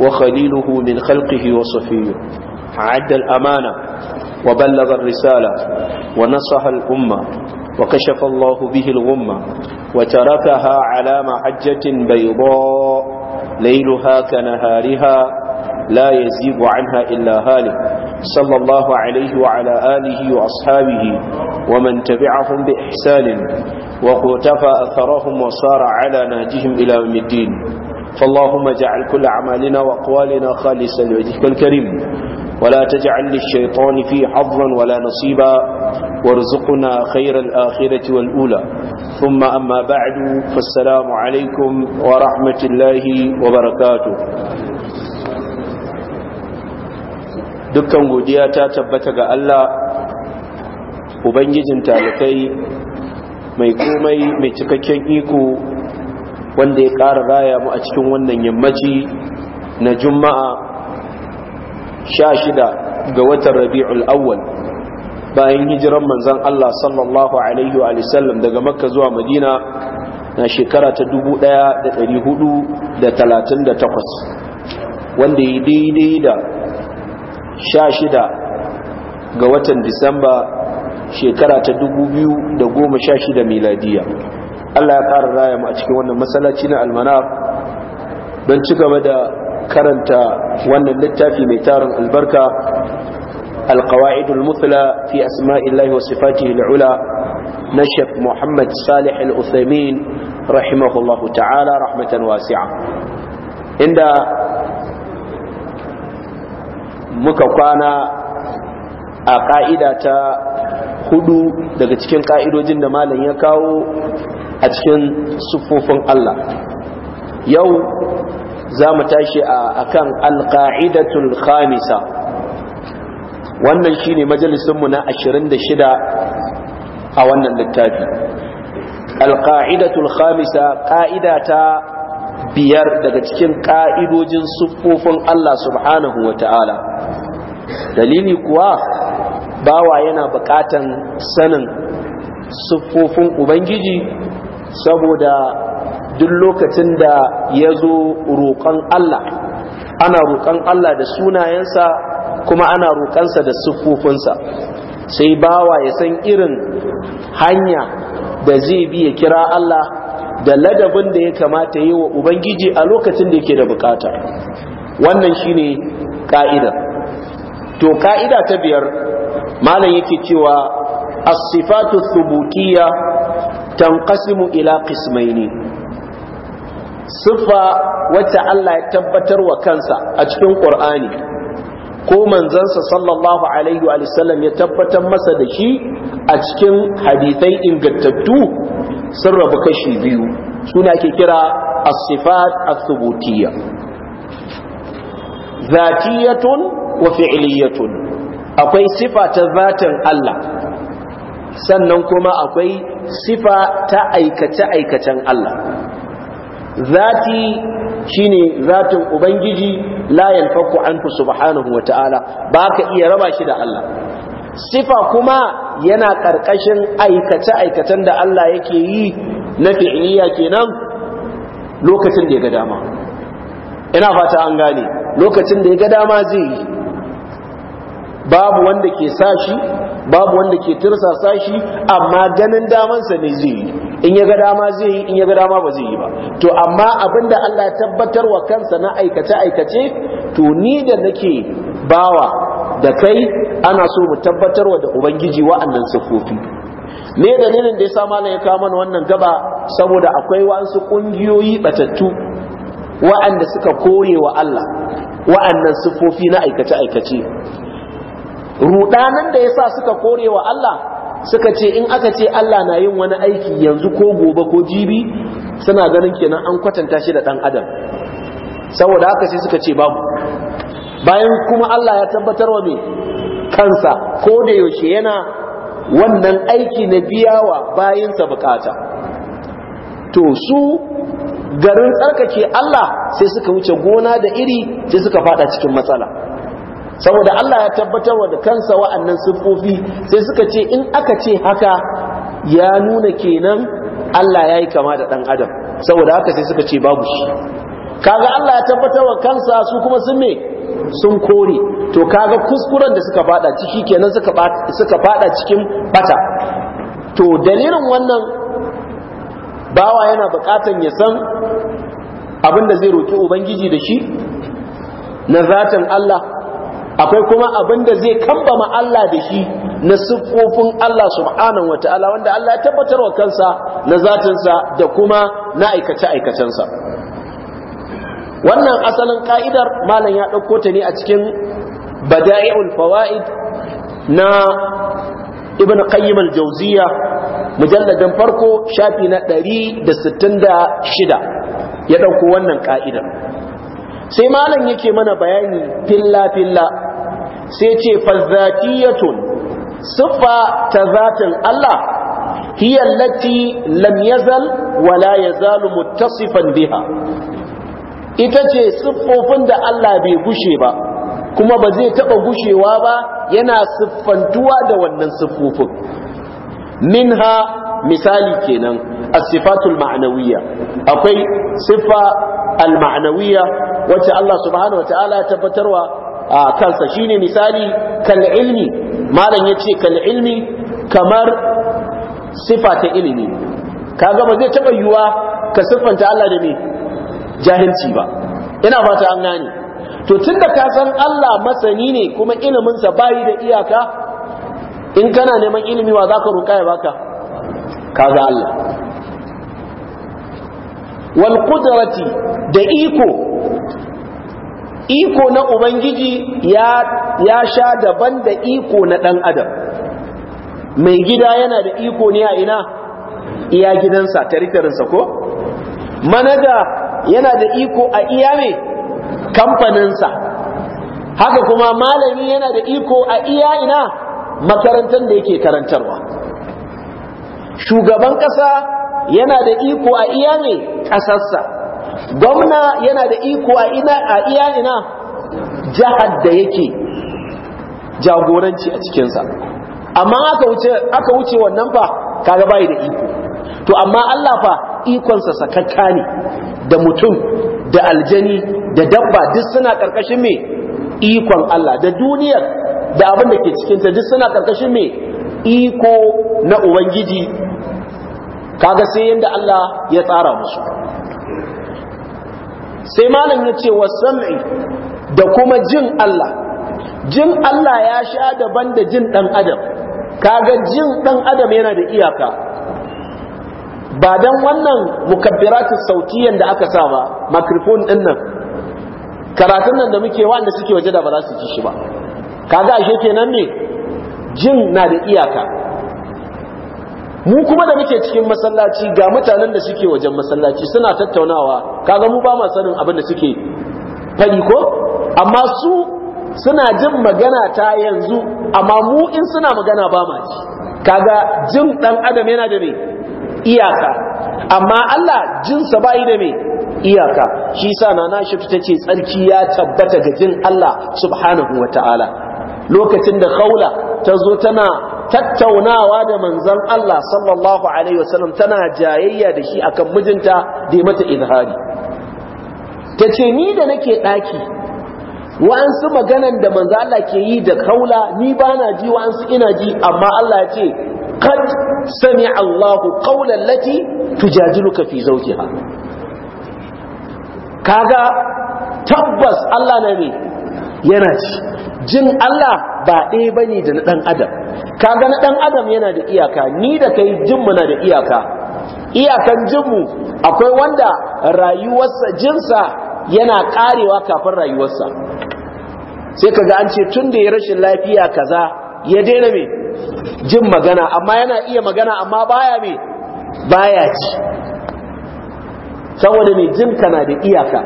وخليله من خلقه وصفيه عد الأمانة وبلغ الرسالة ونصح الأمة وكشف الله به الغمة وتركها على محجة بيضاء ليلها كنهارها لا يزيب عنها إلا هالك صلى الله عليه وعلى آله وأصحابه ومن تبعهم بإحسان وقتفى أثرهم وصار على ناجهم إلى الدين فاللهم اجعل كل اعمالنا واقوالنا خالصا لوجهك الكريم ولا تجعل للشيطان فيه حظا ولا نصيبا وارزقنا خير الآخرة والأولى ثم أما بعد فالسلام عليكم ورحمة الله وبركاته dukkan godiya ta tabbata ga Allah ubangijin talakai mai komai mai cikakken iko wanda ya ƙara raya mu a cikin wannan yammaci na juma'a sha shida ga watan rabi'ul awwal bayan hijiran manzan Allah sallallahu alaihi wa sallam daga makka zuwa madina na shekara ta 1438 wanda ya daidai da sha shida ga watan disamba shekara ta 2016 miladiya Allah ya ƙara raya mu a cikin wannan masallaci na almanar don ci gaba da karanta wannan littafi mai tarin albarka alqawaidul muthla fi asma'illahi wa sifati al'ula na shek Muhammad Salih al rahimahullahu ta'ala rahmatan wasi'a inda muka kwana a ƙa'ida ta hudu daga cikin ƙa'idojin da malam ya kawo a cikin sufofin Allah yau za mu tashi a kan alƙa'idatul khamisa wannan shi ne majalisunmu na 26 a wannan littafi alƙa'idatul khamisa ƙa'ida ta biyar daga cikin ƙa'idojin siffofin Allah subhanahu wa ta'ala dalili kuwa bawa yana buƙatan sanin siffofin Ubangiji saboda duk lokacin da ya zo roƙon Allah ana roƙon Allah da sunayensa kuma ana roƙonsa da siffofinsa sai bawa ya san irin hanya da zai bi ya kira Allah da ladabin da ya kamata yi wa Ubangiji a lokacin da yake da bukata wannan shine ka'ida to ka'ida ta biyar malam yake cewa as-sifatu tanqasimu ila qismaini siffa wacce Allah ya tabbatar wa kansa a cikin Qur'ani ko manzansa sallallahu alaihi wa sallam ya tabbatar masa da shi a cikin hadithai ingantattu sun rabu kashi biyu suna ke kira as-sifat as-subutiyya zatiyatun wa fi'liyatun akwai sifa ta zatin Allah sannan kuma akwai sifa ta aikace-aikacen Allah zati shine zatin ubangiji la yanfaku anhu subhanahu wataala ba ka iya raba shi da Allah sifa kuma yana ƙarƙashin aikace-aikacen da Allah yake yi na fi'iliya kenan lokacin da ya ga dama ina fata an gane lokacin da ya ga dama zai yi babu wanda ke sa shi babu wanda ke tirsasa shi amma ganin damansa ne zai yi in ya ga dama zai yi in ya ga dama ba zai yi ba to amma abinda Allah ya tabbatar wa kansa na aikace aikace to ni da nake bawa da kai ana so mu tabbatar wa da ubangiji wa'annan sifofi me dalilin da ya sa malam ya kawo mana wannan gaba saboda akwai wasu kungiyoyi batattu wa'anda suka kore wa Allah wa'annan sifofi na aikace aikace rudanan da yasa suka kore wa Allah suka ce in aka ce Allah na yin wani aiki yanzu ko gobe ko jibi suna ganin kenan an kwatanta shi da dan adam saboda haka sai suka ce babu bayan kuma Allah ya tabbatar wa mai kansa ko da yaushe yana wannan aiki na biyawa bayansa bukata to su garin tsarkake Allah sai suka wuce gona da iri sai suka fada cikin matsala saboda Allah ya tabbatar wa da kansa wa'annan siffofi sai suka ce in aka ce haka ya nuna kenan Allah ya yi kama da ɗan adam saboda haka sai suka ce babu shi kaga Allah ya tabbatar wa kansa su kuma sun me sun kore to kaga kuskuren da suka fada ciki kenan suka fada cikin bata to dalilin wannan bawa yana bukatan ya san abin da zai roki ubangiji da shi na zatin Allah akwai kuma abin da zai kambama Allah da shi na siffofin Allah subhanahu wa ta'ala wanda Allah ya tabbatar wa kansa na zatinsa da kuma na aikace-aikacensa wannan asalin ka'idar malam ya ɗauko ta ne a cikin bada'i'ul fawa'id na ibn qayyim al-jawziya mujalladin farko shafi na 166 ya ɗauko wannan ka'idar sai malam yake mana bayani filla filla sai ce fazzatiyatun siffa ta zatin Allah hiya allati lam yazal ya la yazalu muttasifan biha ita ce siffofin da Allah bai gushe ba kuma ba zai taba gushewa ba yana siffantuwa da wannan siffofin minha misali kenan as-sifatul akwai siffa al wacce Allah subhanahu Ta'ala ya tabbatarwa a kansa shine misali kal ilmi malam yace kal ilmi kamar sifa ta ilimi kaga ba zai taba yuwa ka siffanta Allah da me jahilci ba ina fata an gane to tunda ka san Allah masani ne kuma iliminsa bayi da iyaka in kana neman ilimi wa za ka ya baka kaga Allah wal qudrati da iko iko na ubangiji ya sha daban da iko na ɗan adam mai gida yana da iko ne a ina iya gidansa tarikarinsa ko manaja yana da iko a iya ne kamfaninsa haka kuma malami yana da iko a iya ina makarantar da yake karantarwa shugaban ƙasa yana da iko a iya ne ƙasarsa gwamna yana da iko a iya ina jihar da yake jagoranci a cikinsa amma aka wuce wannan fa kaga bai da iko to amma Allah fa ikonsa sakakka ne da mutum da aljani da dabba duk suna karkashin me ikon Allah da duniyar da abin da ke cikinta duk suna karkashin me iko na ubangiji kaga sai yanda Allah ya tsara musu sai malam ya ce wa sam'i da kuma jin Allah jin Allah ya sha daban da jin dan adam kaga jin dan adam yana da iyaka ba dan wannan mukabbiratu sautiyan da aka sa ba microphone din nan karatun nan da muke wanda suke waje da ba za su ji shi ba kaga ashe kenan ne jin na da iyaka mu kuma da muke cikin masallaci ga mutanen da suke wajen masallaci suna tattaunawa kaga mu ba ma sanin abin da suke fadi ko amma su suna jin magana ta yanzu amma mu in suna magana ba ma ji kaga jin dan adam yana da me iyaka amma Allah jinsa bai da me iyaka shi yasa nana shi ta ce tsarki ya tabbata ga jin Allah subhanahu wataala lokacin da kaula ta zo tana tattaunawa da manzon Allah sallallahu alaihi wasallam tana jayayya da shi akan mijinta da mata izhari ta ce ni da nake ɗaki wa'ansu maganan da manza Allah ke yi da kaula ni ba na ji wa'ansu ina ji amma Allah ya ce qad sami Allahu qawlan lati tujadiluka fi zawjiha kaga tabbas Allah na ne yana ci jin Allah ba ɗaya ne da na ɗan adam kaga na ɗan adam yana da iyaka ni da kai jinmu na da iyaka iyakan jinmu akwai wanda rayuwarsa jinsa yana karewa kafin rayuwarsa sai kaga an ce tun da ya rashin lafiya kaza ya daina mai jin magana amma yana iya magana amma baya mai baya ci saboda mai jinka na da iyaka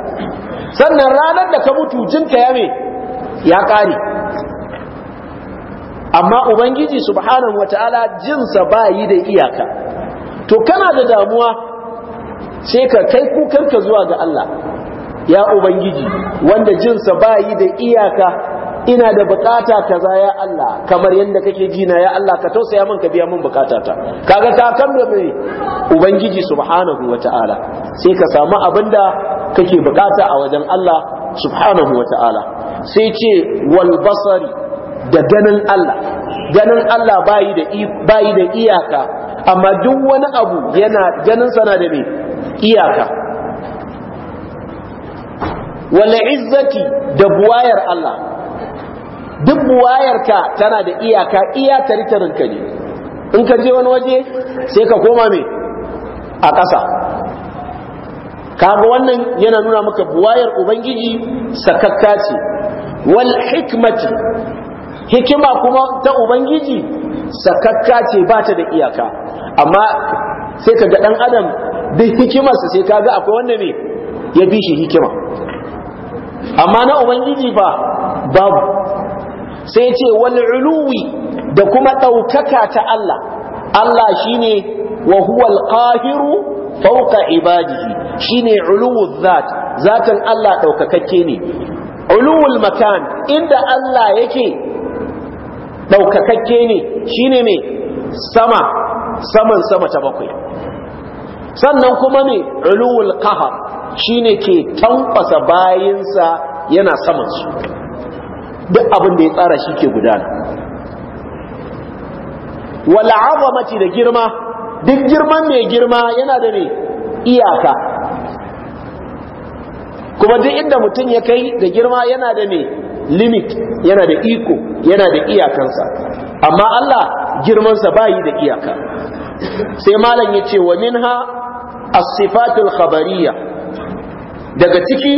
sannan ranar da ka mutu jinka ya mai. ya kare amma ubangiji subhanahu wataala jinsa ba yi da iyaka to kana da damuwa sai ka kai kukanka zuwa ga Allah ya ubangiji wanda jinsa ba yi da iyaka ina da bukata kaza ya Allah kamar yadda kake jina ya Allah ka tausaya min ka biya min bukatata kaga ta me ubangiji subhanahu wataala sai ka samu abinda kake bukata a wajen Allah subhanahu wataala sai ce walbasari basari da ganin Allah ganin Allah bayi da da iyaka amma duk wani abu yana ganin sana da mai iyaka wal izzati da buwayar Allah duk ka tana da iyaka iya taritarinka ne in ka je wani waje sai ka koma mai a ƙasa kaga wannan yana nuna maka buwayar ubangiji sakakka ce wal hikmati hikima kuma ta ubangiji sakakka ce ba ta da iyaka amma sai ka ga dan adam da hikimarsa sai ka ga akwai wanda ne ya bi shi hikima amma na ubangiji ba babu sai ce wal uluwi da kuma ɗaukaka ta Allah Allah shine wa al qahiru fawqa ibadihi shine uluwu zat zatan Allah ɗaukakakke ne ulul makan inda Allah yake daukakakke ne shine me sama saman sama ta bakwai sannan kuma me ulul qahar shine ke tankwasa bayinsa yana saman su duk abin da ya tsara shi ke gudana wal azamati da girma duk girman mai girma yana da ne iyaka kuma duk inda mutum ya kai da girma yana da ne limit yana da iko yana da iyakansa amma Allah girmansa bayi da iyaka sai malam ya ce wa minha as-sifatul khabariyya daga ciki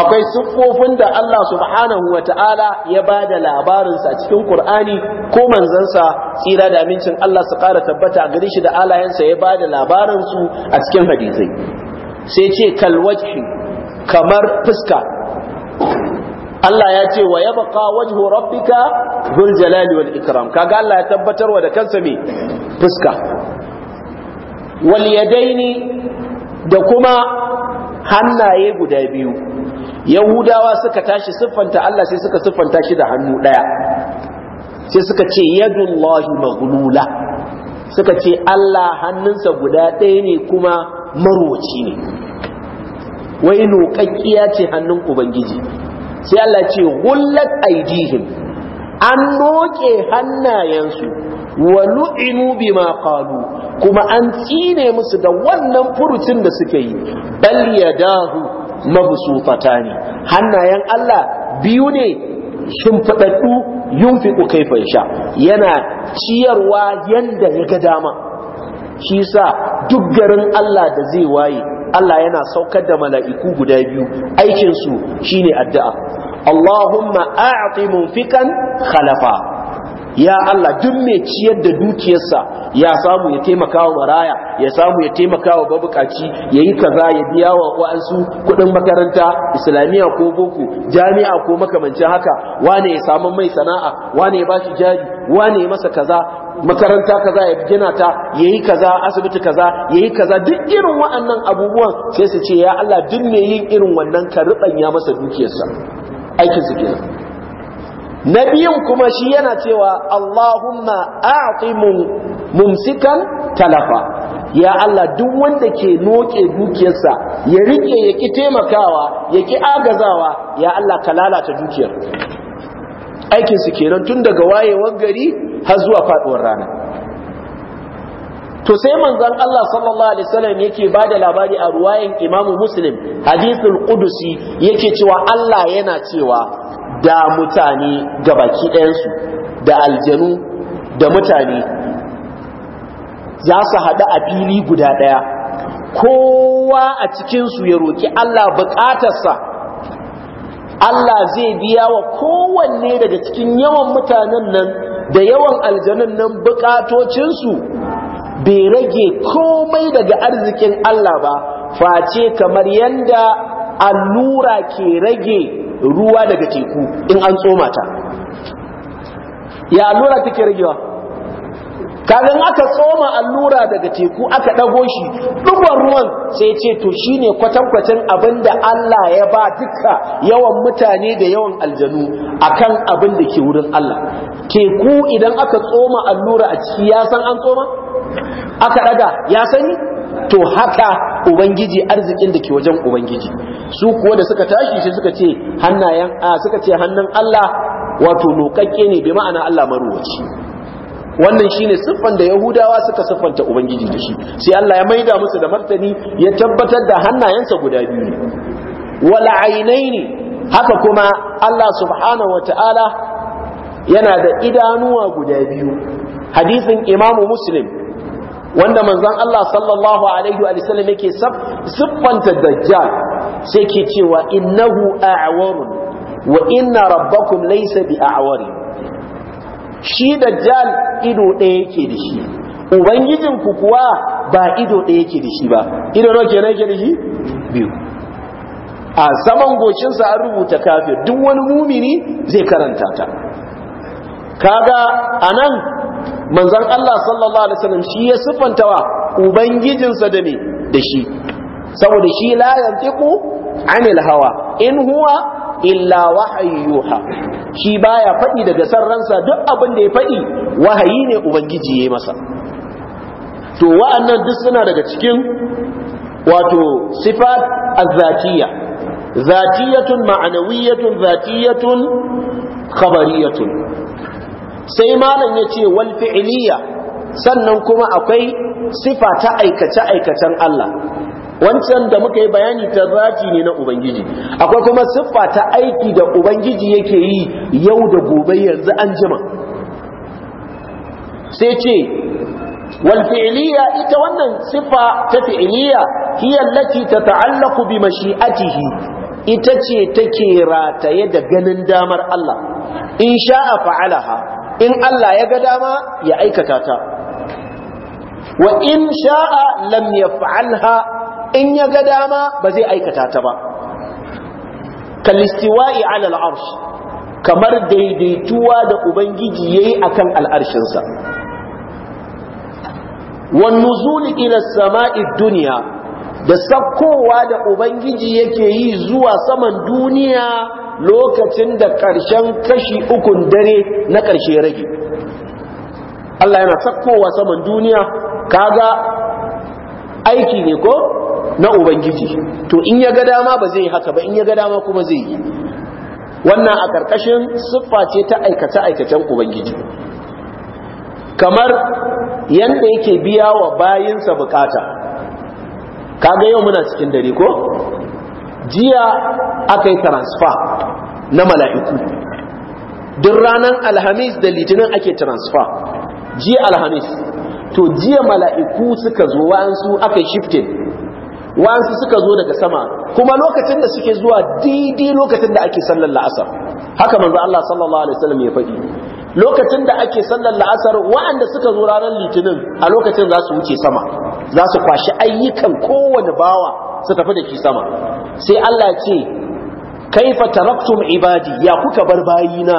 akwai siffofin da Allah subhanahu wa ta'ala ya ba da labarinsa cikin Kur'ani ko manzansa tsira da amincin Allah su ƙara tabbata a gare shi da alayensa ya ba da labarinsu a cikin hadisai sai ce kalwajhi kamar fuska Allah ya ce wa yabqa wajhu rabbika dhul jalali wal ikram kaga Allah ya tabbatar wa da kansa me fuska wal yadaini da kuma hannaye guda biyu yahudawa suka tashi siffanta Allah sai suka siffanta shi da hannu daya sai suka ce yadullahi maghlula suka ce Allah hannunsa guda ɗaya ne kuma maroci ne wai nuƙaƙƙiya ce hannun ubangiji sai Allah ce gullat aidihim an noke hannayensu wa lu'inu bima qalu kuma an tsine musu da wannan furucin da suke yi bal yadahu mabsutatani hannayen Allah biyu ne shimfidaddu yunfiqu kaifan sha. yana ciyarwa yanda ya ga dama shi sa duk garin Allah da zai waye Allah yana saukar da mala'iku guda biyu aikinsu shine addu'a Allahumma a'ti fikan khalafa ya Allah duk mai ciyar da dukiyarsa ya samu ya taimaka wa maraya ya samu ya taimaka wa babukaci ya yi kaza ya biya wa wa'ansu kuɗin makaranta islamiyya ko boko jami'a ko makamancin haka wane ya samu mai sana'a wane ya ba shi jari wane ya masa kaza makaranta kaza ya gina ta yayi kaza asibiti kaza yayi kaza duk irin wa'annan abubuwan sai su ce ya Allah duk mai yin irin wannan ka ya masa dukiyarsa aikin su kenan na biyun kuma shi yana cewa Allahumma a'ti mumsikan talafa ya Allah duk wanda ke noke dukiyarsa ya rike ya ki taimakawa ya ki agazawa ya Allah ka lalata dukiyar aikin su kenan tun daga wayewar gari har zuwa faduwar rana to sai manzon Allah sallallahu alaihi wasallam yake bada labari a ruwayan Imam Muslim hadithul Qudusi yake cewa Allah yana cewa da mutane ga baki ɗayansu da aljanu da mutane za su haɗu a fili guda ɗaya kowa a cikinsu ya roƙi Allah buƙatarsa Allah zai biya wa kowanne daga cikin yawan mutanen nan da yawan aljanun nan buƙatocinsu bai rage komai daga arzikin Allah ba face kamar yadda allura ke rage ruwa daga teku in an tsoma ta ya allura take ragewa kaga in aka tsoma allura daga teku aka dago shi dugon ruwan sai ce to shine abin abinda Allah ya ba duka yawan mutane da yawan aljanu akan abin da ke wurin Allah teku idan aka tsoma allura a ciki ya san an tsoma aka daga ya sani to haka ubangiji arzikin da ke wajen ubangiji su kuwa da suka tashi shi suka ce hannayen a suka ce hannun Allah wato lokakke ne bi ma'ana Allah maruwaci wannan shi ne siffan da yahudawa suka siffanta ubangiji da shi sai Allah ya maida musu da martani ya tabbatar da hannayensa guda biyu ne ainaini haka kuma Allah subhanahu ta'ala yana da idanuwa guda biyu hadisin imamu muslim wanda manzan Allah sallallahu alaihi wa sallam yake siffanta dajjal sai ke cewa innahu a'warun wa inna rabbakum laisa bi a'wari shi dajjal ido ɗaya yake da shi ubangijin ku kuwa ba ido ɗaya yake da shi ba ido nawa kenan yake da shi biyu a saman goshinsa an rubuta kafir duk wani mumini zai karanta ta kaga anan manzon Allah sallallahu alaihi wasallam shi ya sifantawa ubangijinsa da me da shi saboda shi la yantiqu anil hawa in huwa illa wahayyuha shi baya faɗi daga san ransa duk abin da ya faɗi wahayi ne ubangiji ya masa to wa'annan duk suna daga cikin wato sifat azzatiyya zatiyatun ma'anawiyatun zatiyatun khabariyatun sai malam ya ce wal fi'liya sannan kuma akwai sifa ta aikace aikacen Allah wancan da muka yi bayani ta ne na ubangiji akwai kuma siffa ta aiki da ubangiji yake yi yau da gobe yanzu an jima sai ce wal fi'liya ita wannan siffa ta fi'liya hiya allati tata'allaqu bi mashi'atihi ita ce take rataye da ganin damar Allah in sha'a fa'alaha in Allah ya ga dama ya aikata ta wa in sha'a lam yaf'alha in ya ga dama ba zai aikata ta ba kalistiwa'i 'ala al kamar daidaituwa da ubangiji yayi akan al'arshinsa wan nuzul ila as-sama'i dunya da sakkowa da ubangiji yake yi zuwa saman duniya lokacin da ƙarshen kashi ukun dare na ƙarshe rage Allah yana sakkowa saman duniya kaga aiki ne ko na ubangiji to in ya ga dama ba zai haka ba in ya ga dama kuma zai yi wannan a ƙarƙashin siffa ce ta aikace-aikacen ubangiji kamar yanda yake biya wa bayinsa bukata kaga yau muna cikin dare ko jiya aka yi transfer na mala'iku duk ranar alhamis da litinin ake transfer jiya alhamis to jiya mala'iku suka zo wa'ansu aka yi shifting wa'ansu suka zo daga sama kuma lokacin da suke zuwa didi lokacin da ake sallar la'asar haka manzo Allah sallallahu alaihi wasallam ya faɗi lokacin da ake sallar la'asar wa'anda suka zo ranar litinin a lokacin za su wuce sama za su kwashi ayyukan kowane bawa su tafi da shi sama sai Allah ce kaifa taraktum ibadi ya kuka bar bayina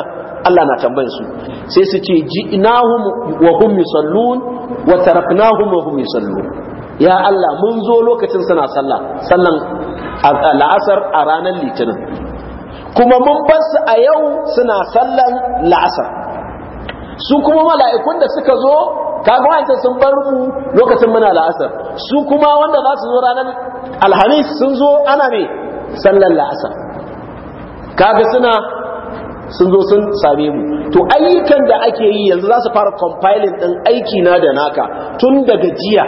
Allah na tambayin su sai su ce ji'nahum wa hum yusallun wa taraknahum wa hum yusallun ya Allah mun zo lokacin suna sallah sallan la'asar a ranar litinin kuma mun bar su a yau suna sallan la'asar su kuma mala'ikun da suka zo kaga wa'ancan sun bar mu lokacin muna la'asar su kuma wanda za su zo ranar alhamis sun zo ana mai sallar la'asar kaga suna sun zo sun same mu to ayyukan da ake yi yanzu za su fara compiling ɗin aiki na da naka tun daga jiya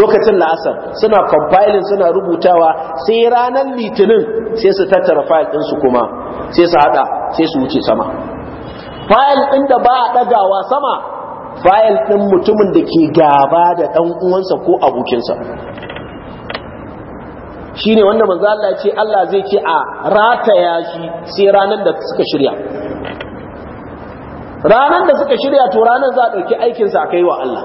lokacin la'asar suna compiling suna rubutawa sai ranar litinin sai su tattara fayil ɗinsu kuma sai su haɗa sai su wuce sama fayil ɗin da ba a ɗagawa sama fayil ɗin mutumin da ke gaba da ɗan uwansa ko abokinsa shi ne wanda manzo Allah ce Allah zai ce a rataya shi sai ranar da suka shirya ranar da suka shirya to ranar za a ɗauki aikinsa a kai wa Allah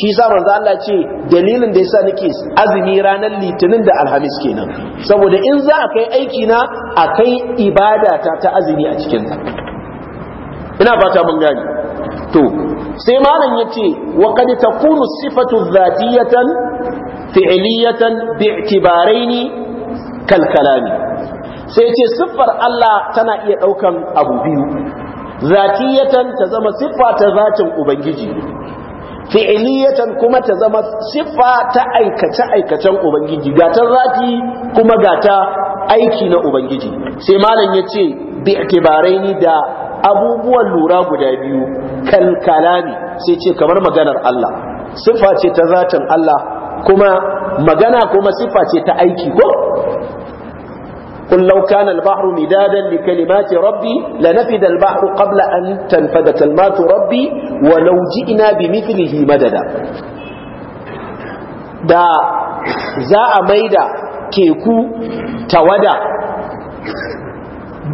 shi sa manzo Allah ce dalilin da yasa nake azumi ranar litinin da alhamis kenan saboda in za a kai aiki na a kai ibadata ta azumi a cikin ta ina fata mun gani to sai malam yace wa qad takunu sifatu dhatiyatan fi'liyatan bi'tibaraini kal kalami sai yace siffar Allah tana iya daukan abu biyu zatiyatan ta zama siffa ta zatin ubangiji fi'iliyatan kuma ta zama siffa ta aikace-aikacen Ubangiji, gata zati kuma gata aiki na Ubangiji. Sai malam yace ce, da abubuwan lura guda biyu kan kalami sai ce kamar maganar Allah siffa ce ta zatin Allah kuma magana kuma siffa ce ta aiki ko kullau kana al-bahru midadan li kalimati rabbi la nafida al-bahru qabla an tanfada kalimatu rabbi wa law ji'na bi mithlihi madada da za a maida teku tawada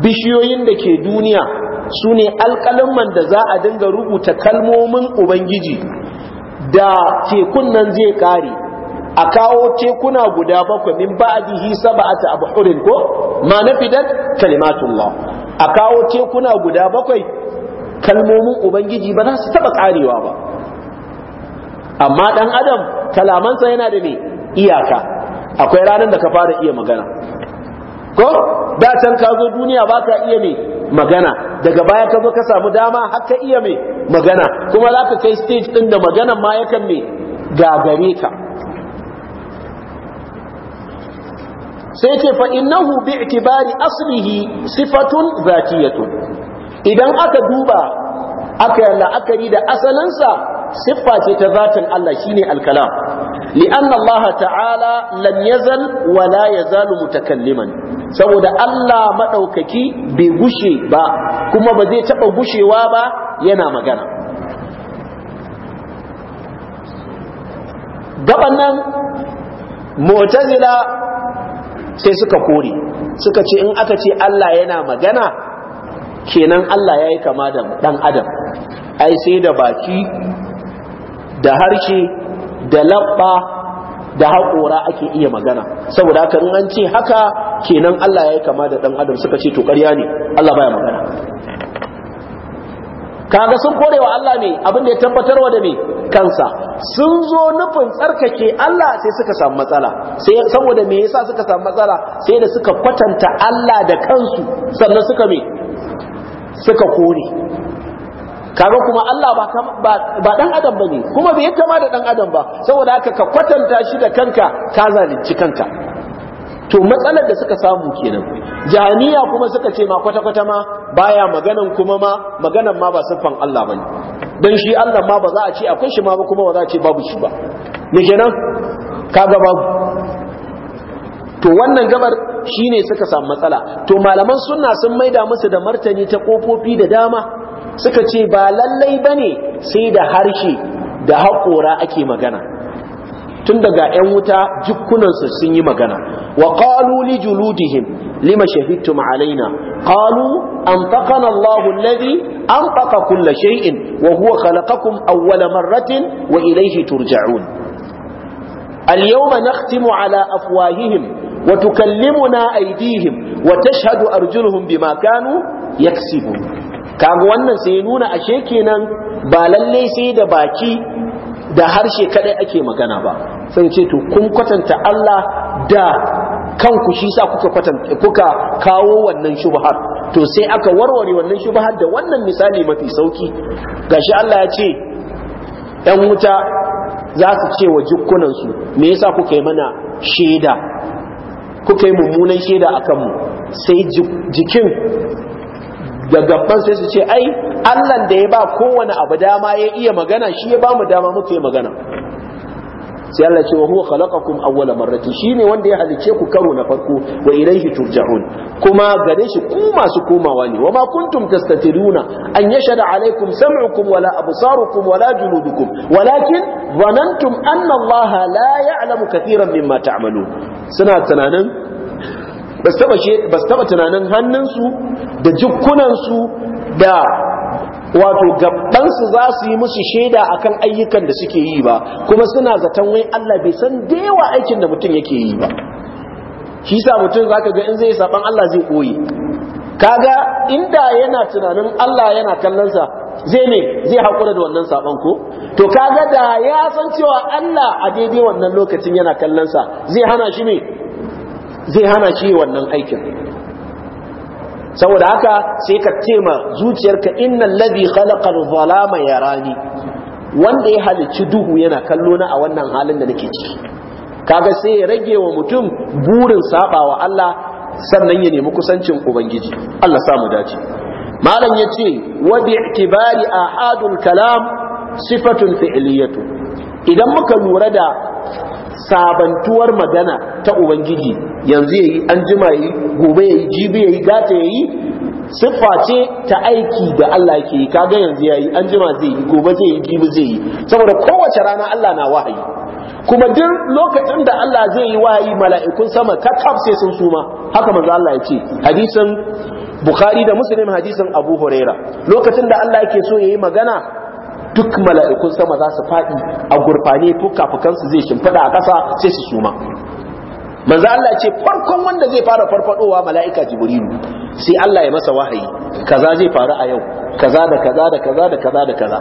bishiyoyin da ke duniya su ne alƙalamman da za a dinga rubuta kalmomin ubangiji da tekun nan zai kare a kawo tekuna guda bakwai min ba'dihi sab'ata abhurin ko ma nafidat kalimatullah a kawo tekuna guda bakwai kalmomin ubangiji ba za su taba karewa ba amma dan adam kalamansa yana da ne iyaka akwai ranar da ka fara iya magana ko da can ka zo duniya baka iya ne magana daga baya ka zo ka samu dama har ka iya mai magana kuma za ka kai stage ɗin da maganan ma yakan mai gagare ka sai ce fa innahu bi itibari aslihi sifatun zatiyatu idan aka duba aka yi la'akari da asalinsa siffa ta zatin Allah shine alkalam li'anna Allah ta'ala lam yazal wa ta kalli man saboda Allah maɗaukaki bai gushe ba kuma ba zai taba gushewa ba yana magana gaban nan mu'tazila sai suka kore suka ce in aka ce Allah yana magana kenan Allah ya yi kama da dan adam ai sai da baki da harshe da labba da haƙora ake iya magana saboda haka in an ce haka kenan Allah ya yi kama da ɗan adam suka ce to ƙarya ne Allah baya magana kaga sun korewa Allah ne abin da ya tabbatarwa da me kansa sun zo nufin tsarkake Allah sai suka samu matsala sai saboda me yasa suka samu matsala sai da suka kwatanta Allah da kansu sannan suka me suka kore kaga kuma Allah ba ba dan adam bane kuma bai kama da dan adam ba saboda haka ka kwatanta shi da kanka ka zalunci kanka to matsalar da suka samu kenan jahaniya kuma suka ce ma kwata kwata ma baya maganan kuma ma maganan ma ba sifan Allah bane dan shi Allah ma ba za a ce akwai shi ma ba kuma ba za a ce babu shi ba me kenan kaga babu to wannan gabar shine suka samu matsala to malaman sunna sun maida musu da martani ta kofofi da dama suka ce ba lallai bane sai da harshe da haƙora ake magana tun daga 'yan wuta jukkunansu sun yi magana wa qalu li juludihim lima shahidtum alaina qalu anfaqana Allahu alladhi anfaqa kulla shai'in wa huwa khalaqakum awwala marratin wa ilayhi turja'un اليوم نختم على أفواههم وتكلمنا أيديهم وتشهد أرجلهم بما كانوا يكسبون kaga wannan sai nuna ashe kenan ba lallai sai da baki da harshe kadai ake magana ba sai ce to kun kwatanta Allah da kanku shi sa kuka kwatanta kuka kawo wannan shubhar to sai aka warware wannan shubhar da wannan misali mafi sauki gashi Allah ya ce ‘yan wuta za su ce wa jukkunansu me yasa kuka yi mana shaida kuka yi mummunan shaida a kanmu sai jikin da gaban sai su ce ai Allah da ya ba kowane abu dama ya iya magana shi ya bamu dama muke magana sai Allah ce wa huwa khalaqakum awwala marratin shine wanda ya halice ku karo na farko wa ilayhi turja'un kuma gare shi ku masu komawa ne wa ma kuntum tastatiruna an yashhadu alaykum sam'ukum wala absarukum wala juludukum walakin dhanantum anna Allah la ya'lamu katiran mimma ta'malun suna tunanin ba su taba tunanin hannunsu da jikunansu da wato gabansu za su yi musu shaida a kan ayyukan da suke yi ba kuma suna zaton wai Allah bai san da yawa aikin da mutum yake yi ba shi sa mutum zaka ga in zai saban Allah zai koyi kaga inda yana tunanin Allah yana kallonsa zai ne zai haƙura da wannan saban ko to kaga da ya san cewa Allah a daidai wannan lokacin yana kallonsa zai hana shi ne zai hana shi wannan aikin saboda haka sai ka tema zuciyarka innal ladhi khalaqal zalama yarani wanda ya halicci duhu yana kallo na a wannan halin da nake ciki kaga sai ya rage wa mutum burin sabawa Allah sannan ya nemi kusancin ubangiji Allah samu dace malam yace wa bi ahadul kalam sifatun fi'liyatu idan muka lura da sabantuwar magana ta ubangiji yanzu yayi an jima yi, gobe yayi jibi yayi gata yayi siffa ce ta aiki da Allah yake yi kaga yanzu yayi an jima zai yi gobe zai yi jibi zai yi saboda kowace rana Allah na wahayi kuma duk lokacin da Allah zai yi wahayi mala'ikun sama ka kafse sun suma haka manzo Allah ya ce hadisin Bukhari da Muslim hadisin Abu Huraira lokacin da Allah yake so yayi magana duk mala'ikun sama za su faɗi a gurfane fuka-fukansu zai shimfiɗa a ƙasa sai su suma manzo Allah ce farkon wanda zai fara farfadowa mala'ika jibrilu sai Allah ya masa wahayi kaza zai faru a yau kaza da kaza da kaza da kaza da kaza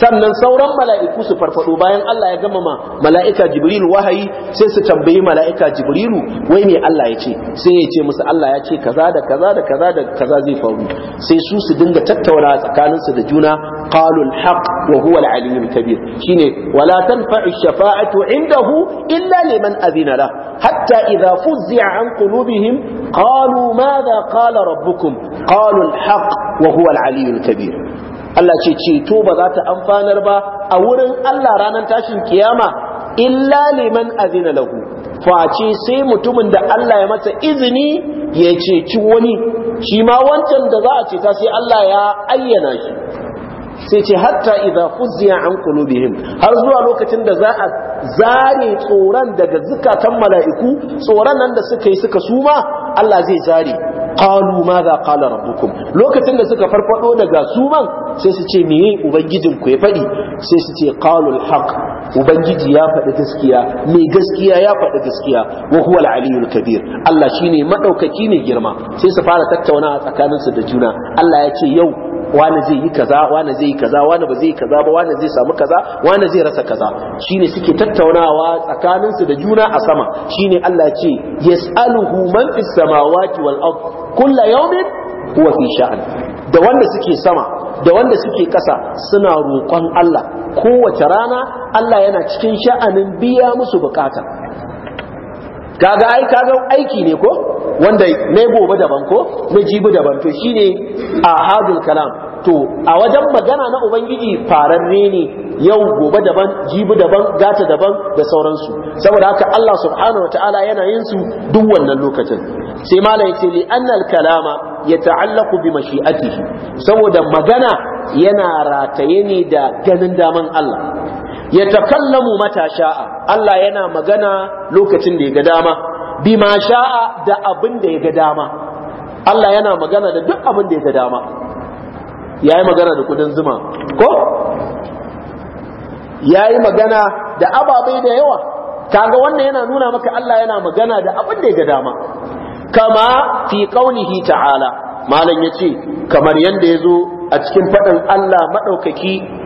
sannan sauran mala'iku su farfado bayan Allah ya gama ma mala'ika jibrilu wahayi sai su tambayi mala'ika jibrilu wai me Allah ya ce sai ya ce musu Allah ya ce kaza da kaza da kaza da kaza zai faru sai su su dinga tattauna tsakaninsu da juna qalu al-haq wa huwa al-alim al-kabir shine wala tanfa'u ash-shafa'atu hu illa liman adhina la hatta idha fuzzi'a an qulubihim qalu madha qala rabbukum qalu kalul haq wa huwa al-alim al-kabir Allah ce ceto ba za ta amfanar ba a wurin Allah ranar tashin kiyama illa liman azina lahu face sai mutumin da Allah ya masa izini ya ceci wani shima wancan da za a ceta sai Allah ya ayyana shi sai ce hatta idza fuzziya an qulubihim har zuwa lokacin da za a zare tsoron daga zukatan mala'iku tsoron nan da suka yi suka suma Allah zai zare qalu madha qala rabbukum lokacin da suka farfado daga suman sai su ce meye ubangijin ku ya fadi sai su ce qalu alhaq ubangiji ya faɗi gaskiya mai gaskiya ya faɗi gaskiya wa huwa al kabir Allah shine madaukaki ne girma sai su fara tattaunawa tsakaninsu da juna Allah ya ce yau wani zai yi kaza wani zai yi kaza wani ba zai yi kaza ba wani zai samu kaza wani zai rasa kaza shine suke tattaunawa tsakaninsu da juna a sama shine Allah ce yas'aluhu man fis samawati wal ard kullu yawmin huwa fi sha'an da wanda suke sama da wanda suke ƙasa suna roƙon Allah kowace rana Allah yana cikin sha'anin biya musu bukata kaga ai kaga aiki ne ko wanda na gobe daban ko na jibi daban to shine ahadul kalam to a wajen magana na ubangiji fararre ne yau gobe daban jibi daban gata daban da sauransu saboda haka Allah subhanahu wataala yana yin su duk wannan lokacin sai malai ya li annal kalama yata'allaqu bi mashi'atihi saboda magana yana rataye ne da ganin daman Allah ya takallamu mata sha'a Allah yana magana lokacin da ya ga dama bima sha'a da abin da ya ga dama Allah yana magana da duk abin da ya ga dama yayi magana da kudin zuma ko yayi magana da ababai da yawa kaga wannan yana nuna maka Allah yana magana da abin da ya ga dama kama fi qaulihi ta'ala malam yace kamar yanda yazo a cikin fadin Allah madaukaki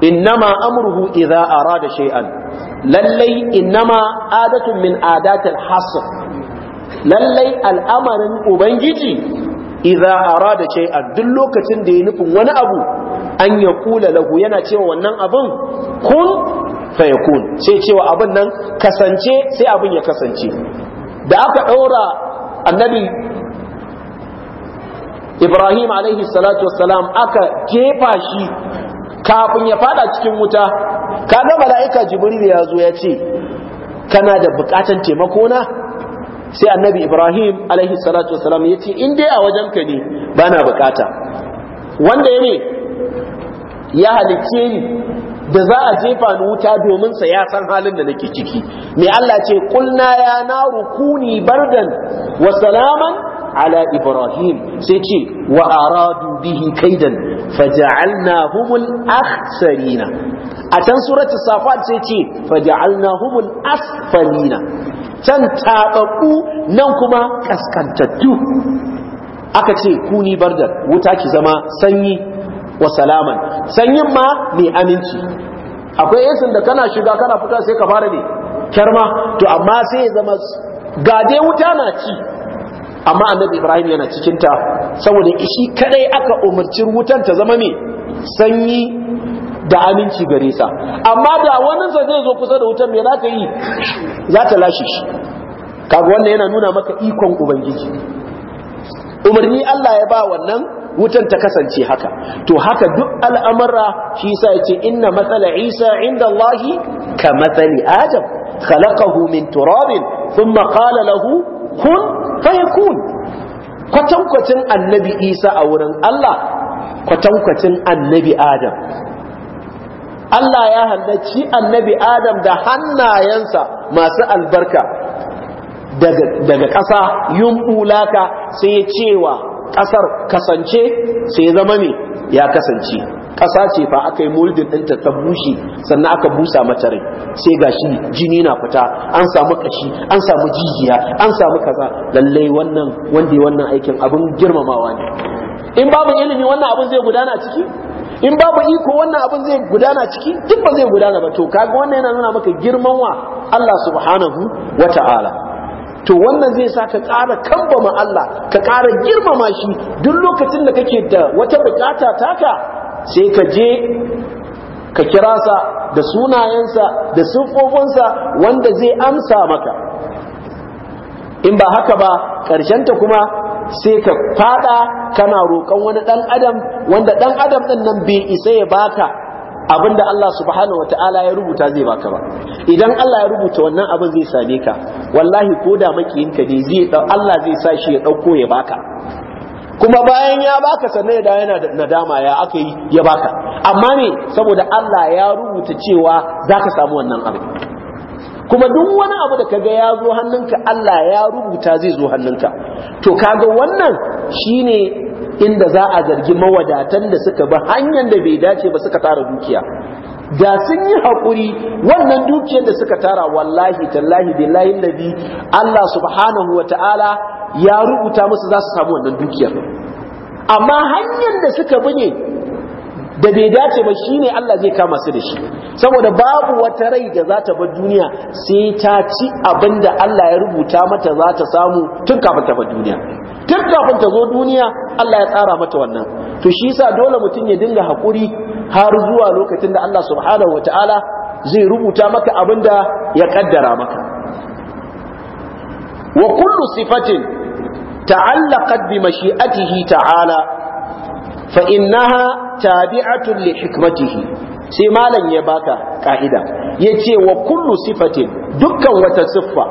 innama amruhu idza arada shay'an lallai innama adatun min adatil hasr lallai al'amarin ubangiji idza arada shay'an duk lokacin da ya nufin wani abu an ya kula lahu yana cewa wannan abun kun fayakun sai cewa abin nan kasance sai abun ya kasance da aka ɗaura annabi ibrahim alaihi salatu wassalam aka jefa shi kafin ya fada cikin wuta kaga mala'ika jibril ya zo ya ce kana da bukatan taimako na sai annabi ibrahim alaihi salatu wasalam ya ce in dai a wajen ka ne bana bukata wanda ya ne ya halicce ni da za a jefa ni wuta domin sa ya san halin da nake ciki me Allah ce kulna ya naru kuni bardan wa salaman ala ibrahim sai ce wa aradu bihi kaidan faja'alnahumul akhsarina a can suratul safat sai ce faja'alnahumul asfalina can tababbu nan kuma kaskantattu aka ce kuni bardar wuta ki zama sanyi wa salaman sanyin ma mai aminci akwai yasin da kana shiga kana fita sai ka fara ne kyarma to amma sai ya zama ga dai wuta na ci amma annabi ibrahim yana cikin ta saboda shi kadai aka umarci wutan ta zama me sanyi da aminci gare sa amma da wani sa zai zo kusa da wutan me za ka yi za ta lashe shi kaga wannan yana nuna maka ikon ubangiji umarni Allah ya ba wannan wutan ta kasance haka to haka duk al'amara shi yasa yace inna matsala Isa inda Allahi ka matsali Adam khalaqahu min turabin thumma qala lahu kun fayakun kwatankwacin annabi isa a wurin Allah kwatankwacin annabi adam Allah ya halarci annabi adam da hannayensa masu albarka daga ƙasa yumbulaka sai cewa ƙasar kasance sai zama ne ya kasance ƙasa ce fa aka yi moldin ɗinta ta bushe sannan aka busa mata rai sai gashi jini na fita an samu ƙashi an samu jijiya an samu kaza lallai wannan wanda wannan aikin abin girmamawa ne in babu ilimi wannan abin zai gudana ciki in babu iko wannan abin zai gudana ciki duk ba zai gudana ba to kaga wannan yana nuna maka girman wa Allah subhanahu wa ta'ala to wannan zai sa ka ƙara kambama Allah ka ƙara girmama shi duk lokacin da kake da wata bukata taka sai ka je ka kira sa da sunayensa da siffofinsa wanda zai amsa maka in ba haka ba ta kuma sai ka fada kana roƙon wani ɗan adam wanda ɗan adam ɗin nan bai isa ya baka abinda Allah subhanahu wataala ya rubuta zai baka ba idan Allah ya rubuta wannan abin zai same ka wallahi ko da makiyinka ne zai Allah zai sa shi ya ɗauko ya baka kuma bayan ya baka sannan da yana da nadama ya aka yi ya baka amma ne saboda Allah ya rubuta cewa za ka samu wannan abu kuma duk wani abu da ka ga ya zo hannunka Allah ya rubuta zai zo hannunka to kaga wannan shine inda za a zargi mawadatan da suka ba hanyar da bai dace ba suka tara dukiya da sun yi haƙuri wannan dukiyar da suka tara wallahi tallahi billahi nabi Allah subhanahu wa ta'ala ya rubuta musu za su samu wannan dukiyar amma hanyar da suka bi ne da bai dace ba shine Allah zai kama su da shi saboda babu wata rai da za ta bar duniya sai ta ci abinda Allah ya rubuta mata za ta samu tun kafin ta bar duniya tun kafin ta zo duniya Allah ya tsara mata wannan to shi yasa dole mutum ya dinga hakuri har zuwa lokacin da Allah subhanahu wataala zai rubuta maka abinda ya kaddara maka wa kullu sifatin تعلقت بمشيئته تعالى فإنها تابعة لحكمته سمالا يباك قاعدة يتي وكل صفة دكا وتصفة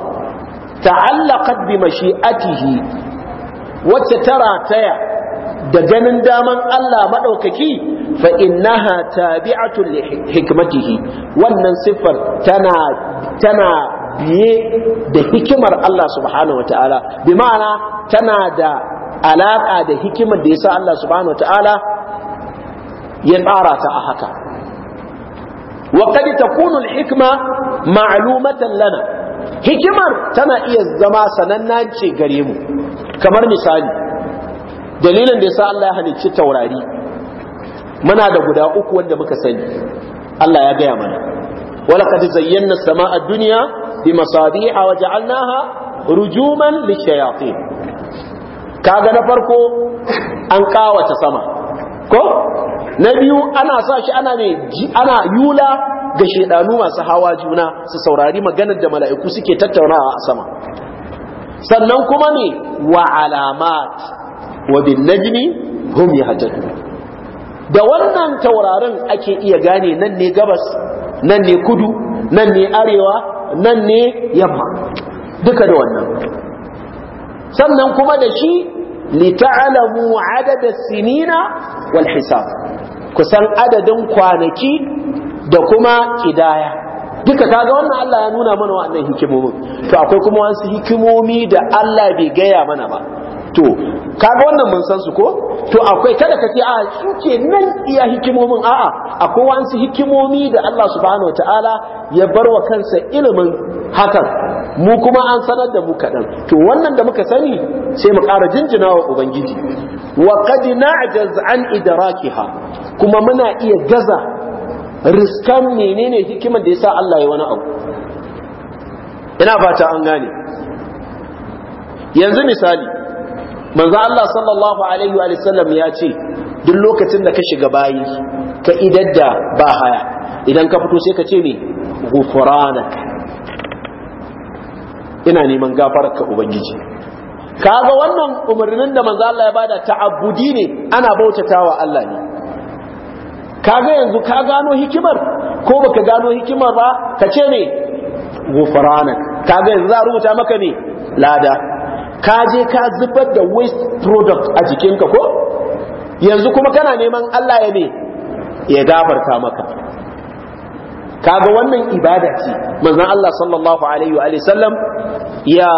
تعلقت بمشيئته وتتراتيا da ganin daman Allah maɗaukaki fa innaha tabi'atul li hikmatihi wannan siffar tana tana biye da hikimar Allah subhanahu wataala bi ma'ana tana da alaƙa da hikimar da sa Allah subhanahu wataala ya tsara ta a haka wa ta kunun al-hikma lana hikimar tana iya zama sananna ce gare mu kamar misali dalilin da sa Allah ya halicci taurari muna da guda uku wanda muka sani Allah ya gaya mana ولقد زينا السماء الدنيا بمصابيح وجعلناها رجوما للشياطين kaga na farko an ƙawata sama ko na biyu ana sa shi ana yula ga shedanu masu hawa juna su saurari maganar da mala'iku suke tattaunawa a sama sannan kuma ne wa alamat wa bin najmi hum yahtadun da wannan tauraron ake iya gane nan ne gabas nan ne kudu nan ne arewa nan ne yamma duka da wannan sannan kuma da shi lita'alamu adada sinina wal hisab kusan adadin kwanaki da kuma kidaya duka kaga wannan Allah ya nuna mana wannan hikimomin to akwai kuma wasu hikimomi da Allah bai gaya mana ba to kaga wannan mun san su ko to akwai kada ka ce a ce nan iya hikimomin a'a akwai wasu hikimomi da Allah subhanahu wataala ya bar wa kansa ilimin hakan mu kuma an sanar da mu kaɗan to wannan da muka sani sai mu ƙara jinjina wa ubangiji wa qad na'jaz an idrakiha kuma muna iya gaza riskan menene hikimar da yasa Allah ya wani abu ina fata an gane yanzu misali manzo Allah sallallahu alaihi wa sallam ya ce duk lokacin da ka shiga bayi ka idadda ba haya idan ka fito sai ka ce me gufurana ina neman gafarar ka ubangiji kaga wannan umarnin da manzo Allah ya bada ta'abbudi ne ana bautatawa Allah ne kaga yanzu ka gano hikimar ko baka gano hikimar ba ka ce me gufurana kaga yanzu za rubuta maka ne lada ka je ka zubar da waste product a jikinka ko yanzu kuma kana neman Allah ya ne ya gafarta maka kaga wannan ibada ce manzon Allah sallallahu alaihi wa sallam ya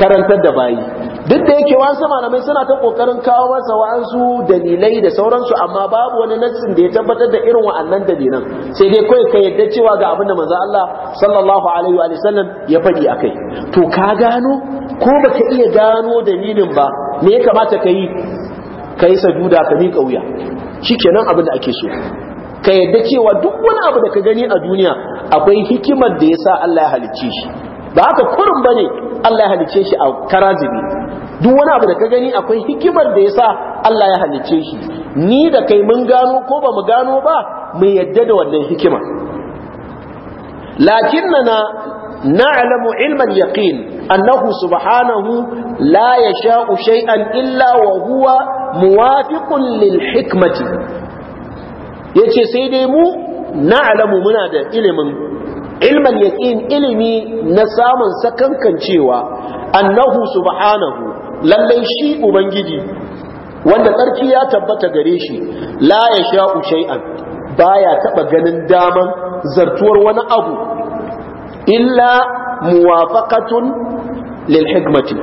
karantar da bayi duk da yake wasu malamai suna ta kokarin kawo masa wa'ansu dalilai da sauransu amma babu wani nassin da ya tabbatar da irin wa'annan dalilan sai dai kai ka yadda cewa ga abin da manzo Allah sallallahu alaihi wa sallam ya faɗi akai to ka gano ko baka iya gano dalilin ba me ya kamata ka yi ka yi sajuda ka miƙa wuya shikenan abin da ake so ka yadda cewa duk wani abu da ka gani a duniya akwai hikimar da ya sa Allah ya halicce shi ba haka kurin bane Allah ya halicce shi a karazibi duk wani abu da ka gani akwai hikimar da yasa Allah ya halicce shi ni da kai mun gano ko ba mu gano ba mu yadda da wannan hikima na alamu ilman yaqin annahu subhanahu la yasha'u shay'an illa wa huwa muwafiqun lil hikmati yace sai dai mu alamu muna da ilimin ilman yaqin ilimi na samun sakankan cewa annahu subhanahu lallai shi ubangiji wanda tsarki ya tabbata gare shi la ya sha'u shay'an baya taba ganin daman zartuwar wani abu illa muwafaqatun lil hikmati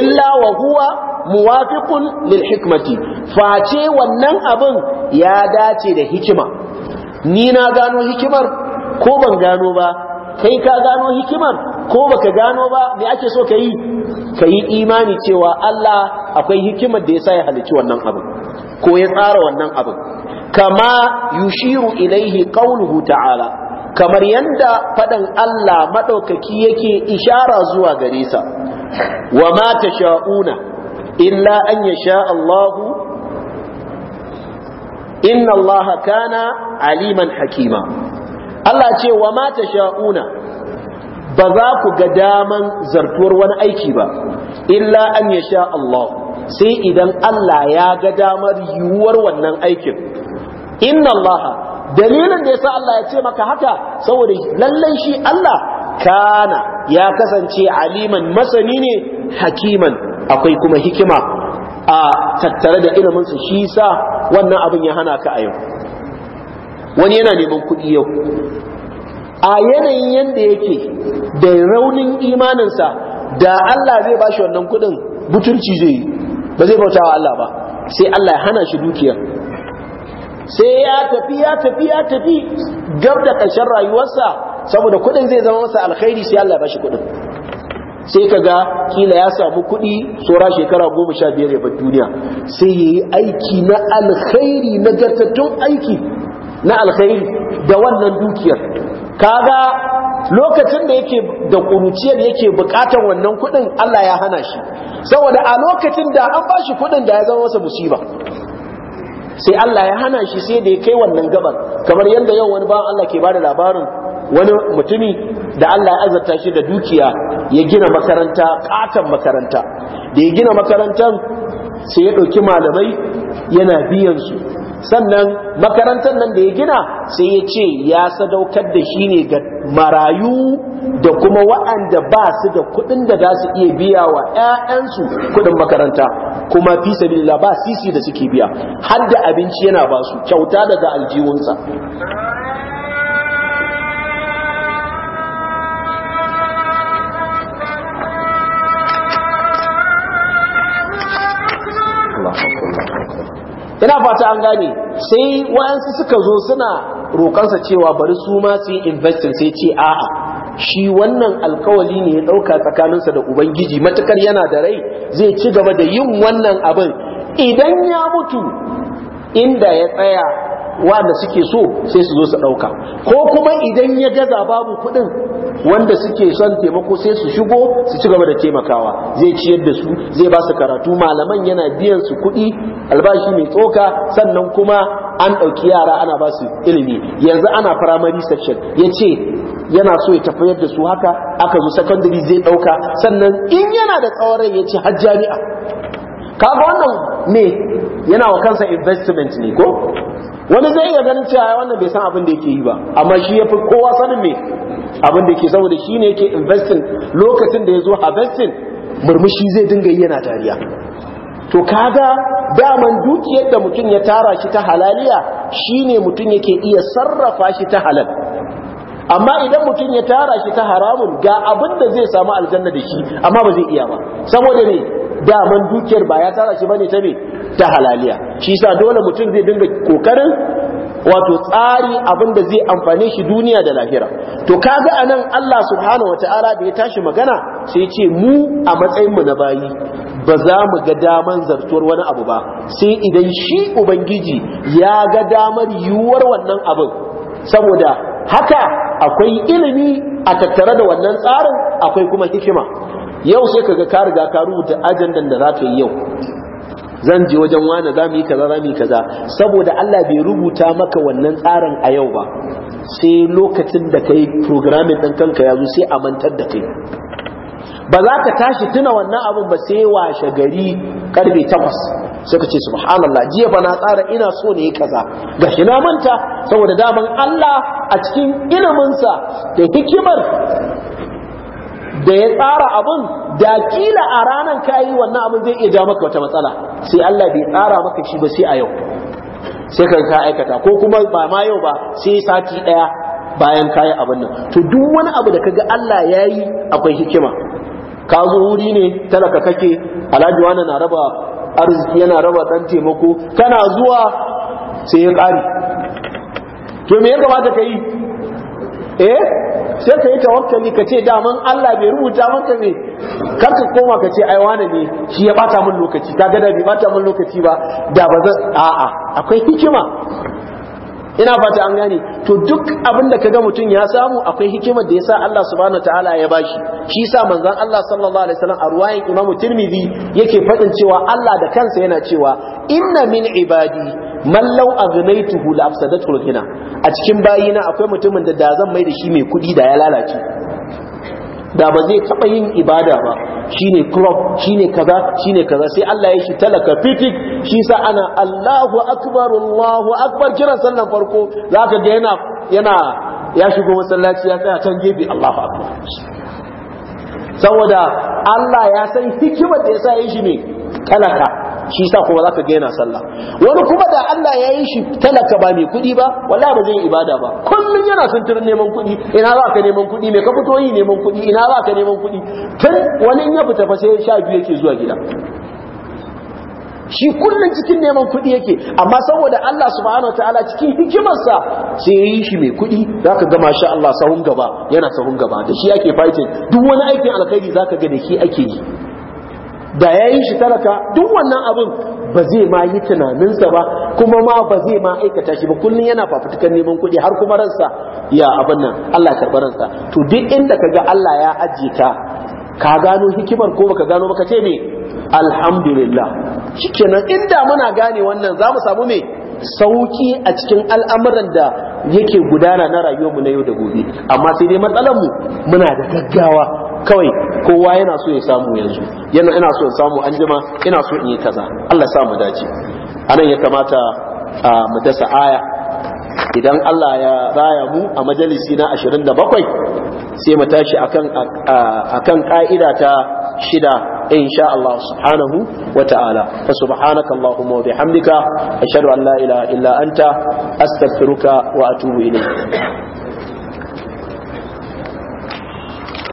illa wa huwa muwafiqun lil hikmati face wannan abin ya dace da hikima ni na gano hikimar ko ban gano ba kai ka gano hikimar ko baka gano ba me ake so ka yi ka yi imani cewa Allah akwai hikimar da ya sa ya halicci wannan abin ko ya tsara wannan abin kama yushiru ilaihi qauluhu ta'ala kamar yanda fadan Allah madaukaki yake ishara zuwa gare sa wa ma tasha'una illa an yasha Allah inna Allah kana aliman hakima Allah ce wa ma sha'una ba za ku ga daman zartuwar wani aiki ba illa an sha Allah sai idan Allah ya ga damar yiwuwar wannan aikin inna Allah dalilin da yasa Allah ya ce maka haka saboda lallan shi Allah kana ya kasance aliman masani ne hakiman akwai kuma hikima a tattare da iliminsa shi sa wannan abin ya hana ka a yau wani yana neman kuɗi yau a yanayin yadda yake da raunin imaninsa da Allah zai bashi wannan kuɗin butulci zai yi ba zai bauta wa Allah ba sai Allah ya hana shi dukiyar sai ya tafi ya tafi ya tafi gab da ƙarshen rayuwarsa saboda kuɗin zai zama masa alkhairi sai Allah ya bashi kuɗin sai ka ga kila ya samu kuɗi tsora shekara goma sha biyar ya bar duniya sai ya yi aiki na alkhairi na gartattun aiki na alkhairi da wannan dukiyar kaga lokacin da yake da kuruciyar yake bukatar wannan kudin Allah ya hana shi saboda a lokacin da an ba shi kudin da ya zama masa musiba sai Allah ya hana shi sai da ya kai wannan gabar. kamar yadda yau wani bawan Allah ke bada labarin wani mutumi da Allah ya azarta shi da dukiya ya gina makaranta katon makaranta da ya gina makarantar sai ya ɗauki malamai yana biyan su sannan makarantar nan da ya gina sai ya ce ya sadaukar da shi ne ga marayu da kuma wa'anda ba su da kuɗin da za su iya biya wa 'ya'yansu kuɗin makaranta kuma fi sabilillah ba sisi da suke biya har da abinci yana ba su kyauta daga aljihunsa. ina fata an gane sai wayansu suka zo suna roƙansa cewa bari su ma su yi investing sai ce a'a shi wannan alkawali ne ya ɗauka tsakaninsa da ubangiji matukar yana da rai zai ci gaba da yin wannan abin idan ya mutu inda ya tsaya wanda suke so sai su zo su ɗauka ko kuma idan ya gaza babu kuɗin wanda suke son taimako sai su shigo su ci gaba da taimakawa zai ciyar da su zai ba su karatu malaman yana biyan su kuɗi albashi mai tsoka sannan kuma an ɗauki yara ana ba su ilimi yanzu ana firamari section ya ce yana so ya tafayar da su haka aka zo secondary zai ɗauka sannan in yana da tsawarai ya ce har jami'a kaga wannan ne yana wa kansa investment ne ko wani zai iya ganin cewa ya wannan bai san abin da yake yi ba amma shi ya fi kowa sanin me abin da yake saboda shi ne yake investing lokacin da ya zo harvesting murmushi zai dinga yi yana dariya to kaga daman dukiyar da mutum ya tara shi ta halaliya shine mutum yake iya sarrafa shi ta halal amma idan mutum ya tara shi ta haramun ga abin da zai samu aljanna da shi amma ba zai iya ba saboda ne daman dukiyar ba ya tara shi bane ta me ta halaliya shi yasa dole mutum zai dinga kokarin wato tsari abin da zai amfane shi duniya da lahira to kaga anan Allah subhanahu wataala da ya tashi magana sai ce mu a matsayin mu na bayi ba za mu ga daman zartuwar wani abu ba sai idan shi ubangiji ya ga damar yiwuwar wannan abin saboda haka akwai ilimi a tattare da wannan tsarin akwai kuma hikima yau sai kaga ka riga ka rubuta ajandan da za ka yi yau zan je wajen wani za mu yi kaza za mu yi kaza saboda Allah bai rubuta maka wannan tsarin a yau ba sai lokacin da kai programming ɗin kanka ya zo sai a mantar da kai ba za ka tashi tuna wannan abun ba sai washe gari karfe takwas suka ce subhanallah jiya ba na tsara ina so ne kaza gashi na manta saboda daman Allah a cikin iliminsa da hikimar da ya tsara abun da kila a ranar kayi wannan abin zai iya ja maka wata matsala sai Allah bai tsara maka shi ba sai a yau sai ka ka aikata ko kuma ba ma yau ba sai sati daya bayan kayi abin nan to duk wani abu da kaga Allah yayi akwai hikima ka zo wuri ne talaka kake alhaji wani na raba arziki yana raba dan taimako kana zuwa sai ya kare to me ya kamata ka yi eh sai ka yi tawakkali ka ce daman Allah bai rubuta maka ne kar ka koma ka ce ai wani ne shi ya bata min lokaci kaga da bai bata min lokaci ba da ba zan a'a akwai hikima ina fata an gane to duk abin da kaga mutum ya samu akwai hikimar da yasa Allah subhanahu wataala ya bashi shi yasa manzon Allah sallallahu alaihi wasallam a ruwayan Imam Tirmidhi yake fadin cewa Allah da kansa yana cewa inna min ibadi man law aghnaytuhu la kina a cikin bayina akwai mutumin da da zan mai da shi mai kudi da ya lalace da ba zai taɓa yin ibada ba shine club shine kaza shine kaza sai Allah ya shi talaka fitik shi sa ana Allahu akbar Allahu akbar kira sallan farko zaka ga yana yana ya shigo masallaci ya tsaya can gefe Allahu akbar saboda Allah ya san hikimar da yasa yin shi ne talaka shi sa kuma zaka ga yana sallah wani kuma da Allah ya yi shi talaka ba mai kuɗi ba wala ba zai ibada ba kullum yana sunturin neman kuɗi ina za ka neman kuɗi Mai ka fito yi neman kuɗi ina za ka neman kuɗi tun wani ya fita fa sai sha biyu yake zuwa gida shi kullum cikin neman kuɗi yake amma saboda Allah subhanahu wataala cikin hikimarsa sai ya yi shi mai kuɗi ka gama masha Allah sahun gaba yana sahun gaba da shi ake fighting duk wani aikin alkhairi zaka ga da shi ake yi da ya yi shi talaka duk wannan abin ba zai ma yi tunaninsa ba kuma ma ba zai ma aikata shi ba kullum yana fafutukan neman kuɗi har kuma ransa ya abin nan Allah karɓar ransa to duk inda ka ga Allah ya ajiye ka ka gano hikimar ko ka gano baka ce me alhamdulillah shikenan inda muna gane wannan za mu samu me sauki a cikin al'amuran da yake gudana na rayuwarmu na yau da gobe amma sai dai matsalar mu muna da gaggawa kawai kowa yana so ya samu yanzu yana ina so in samu anjima ina so in yi kaza Allah sa mu dace anan ya kamata mu dasa aya idan Allah ya raya mu a majalisi na 27 sai mu tashi akan akan ka'ida ta shida insha Allah subhanahu wa ta'ala fa subhanaka allahumma wa bihamdika ashhadu an la ilaha illa anta astaghfiruka